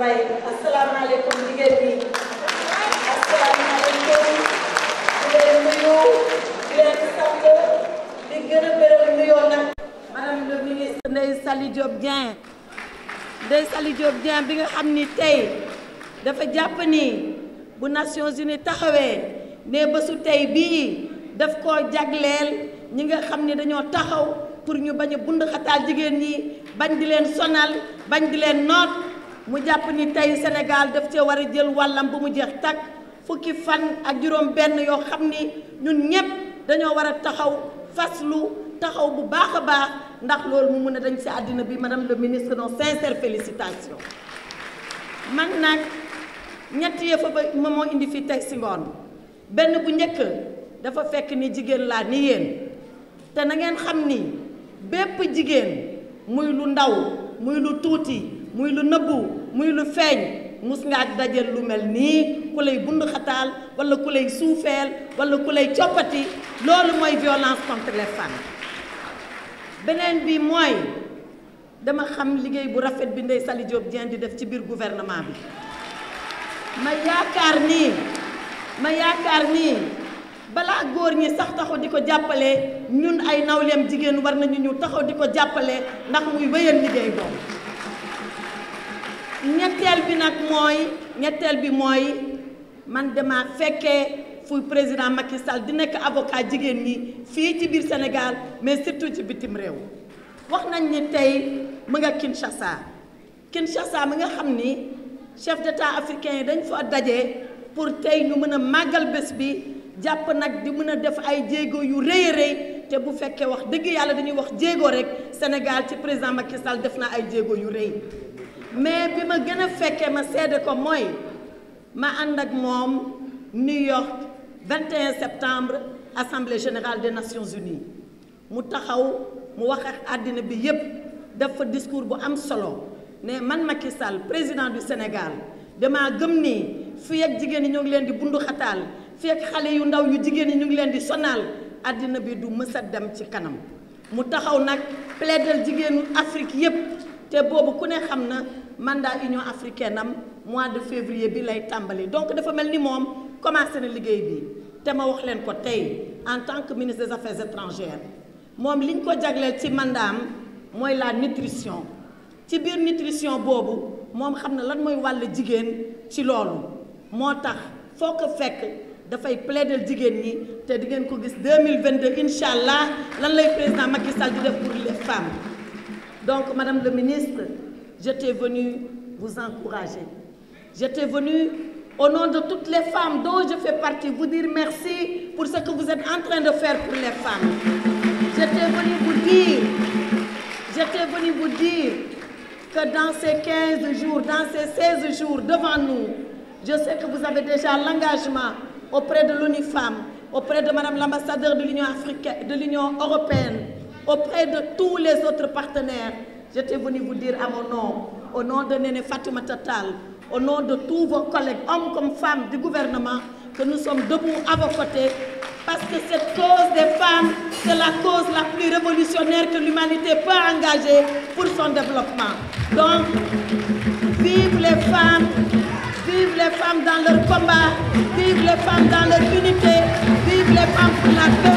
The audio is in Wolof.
bay asalaamaaleykum jigéen ñi bi nga xam ni tey dafa jàpp ni bu Nations Unies taxawee ne bësu tey bii daf ko jagleel ñi nga xam ni dañoo taxaw pour ñu bañ a bund xataal jigéen ñi bañ di leen sonal bañ di leen noot mu jàpp ni tey Sénégal daf cee war a jël wàllam bu mu jeex takk fukki fan ak juróom benn yoo xam ni ñun ñëpp dañoo war a taxaw faslu taxaw bu baax a baax ndax loolu mu mun a dañ si àddina bi madame le ministre nos sincères man nag ñett yëfa ba ma moo indi fi tey si ngoon benn bu njëkk dafa fekk ni jigéen laa ni yéen te na ngeen xam ni bépp jigéen muy lu ndaw muy lu tuuti muy lu nëbbu muy lu feeñ mus ngaa dajal lu mel nii ku lay bund xataal wala ku lay suufeel wala ku lay coppati loolu mooy violence contre les beneen bi mooy dama xam liggéey bu rafet bi Ndeye Saly Diop Dieng di def ci biir gouvernement bi ma yaakaar nii ma yaakaar nii balaa góor ñi sax taxaw di ko jàppale ñun ay nawleem jigéen war nañu ñu taxaw di ko jàppale ndax muy wéyal liggéey boobu ñetteel bi nag mooy ñetteel bi mooy man dama fekkee fu président Macky di nekk avocat jigéen ñi fii ci biir Sénégal mais surtout ci bitim réew wax nañ ni tey mu nga Kinshasa Kinshasa mi nga xam ni chef d'état africain yi dañ fa daje pour tey ñu mën a màggal bés bi jàpp nag di mën a def ay jéego yu rëy a te bu fekkee wax dëgg yàlla dañuy wax jéego rek Sénégal ci président Macky def na ay jéego yu rëy mais bi ma gën a fekkee ma seede ko mooy ma ànd ak moom New York 21 septembre assemblée générale des Nations Unies mu taxaw mu wax ak àddina bi yépp def fa discours bu am solo ne man Macky Sall président du Sénégal dama gëm ni fii ak jigéen ñi ñu ngi leen di bundu xataal fii ak xale yu ndaw yu jigéen ñi ñu ngi leen di sonal àddina bi du mës dem ci kanam mu taxaw nag plaidel jigéenu Afrique yépp te boobu ku ne xam na mandat Union africaine am mois de février bi lay tàmbali donc dafa mel ni moom commencé na liggéey bi te ma wax leen ko tey en tant que ministre des affaires étrangères moom li ñu ko jagleel ci mandat am mooy la nutrition ci biir nutrition boobu moom xam na lan mooy wàll jigéen ci loolu moo tax foo ko fekk dafay plaidel jigéen ñi te di ngeen ko gis 2022 incha allah lan lay président Macky Sall di def pour les donc madame le ministre j'étais venue vous encourager. J'étais venue au nom de toutes les femmes dont je fais partie vous dire merci pour ce que vous êtes en train de faire pour les femmes. J'étais venue vous dire, que dans ces 15 jours, dans ces 16 jours devant nous, je sais que vous avez déjà l'engagement auprès de l'UNIFAM, auprès de Madame l'ambassadeur de l'Union africaine, de l'Union européenne, auprès de tous les autres partenaires J'étais venu vous dire à mon nom, au nom de Néné Fatouma Tatal, au nom de tous vos collègues, hommes comme femmes du gouvernement, que nous sommes debout à vos côtés, parce que cette cause des femmes, c'est la cause la plus révolutionnaire que l'humanité peut engager pour son développement. Donc, vive les femmes, vive les femmes dans leur combat, vive les femmes dans leur unité, vive les femmes pour la paix.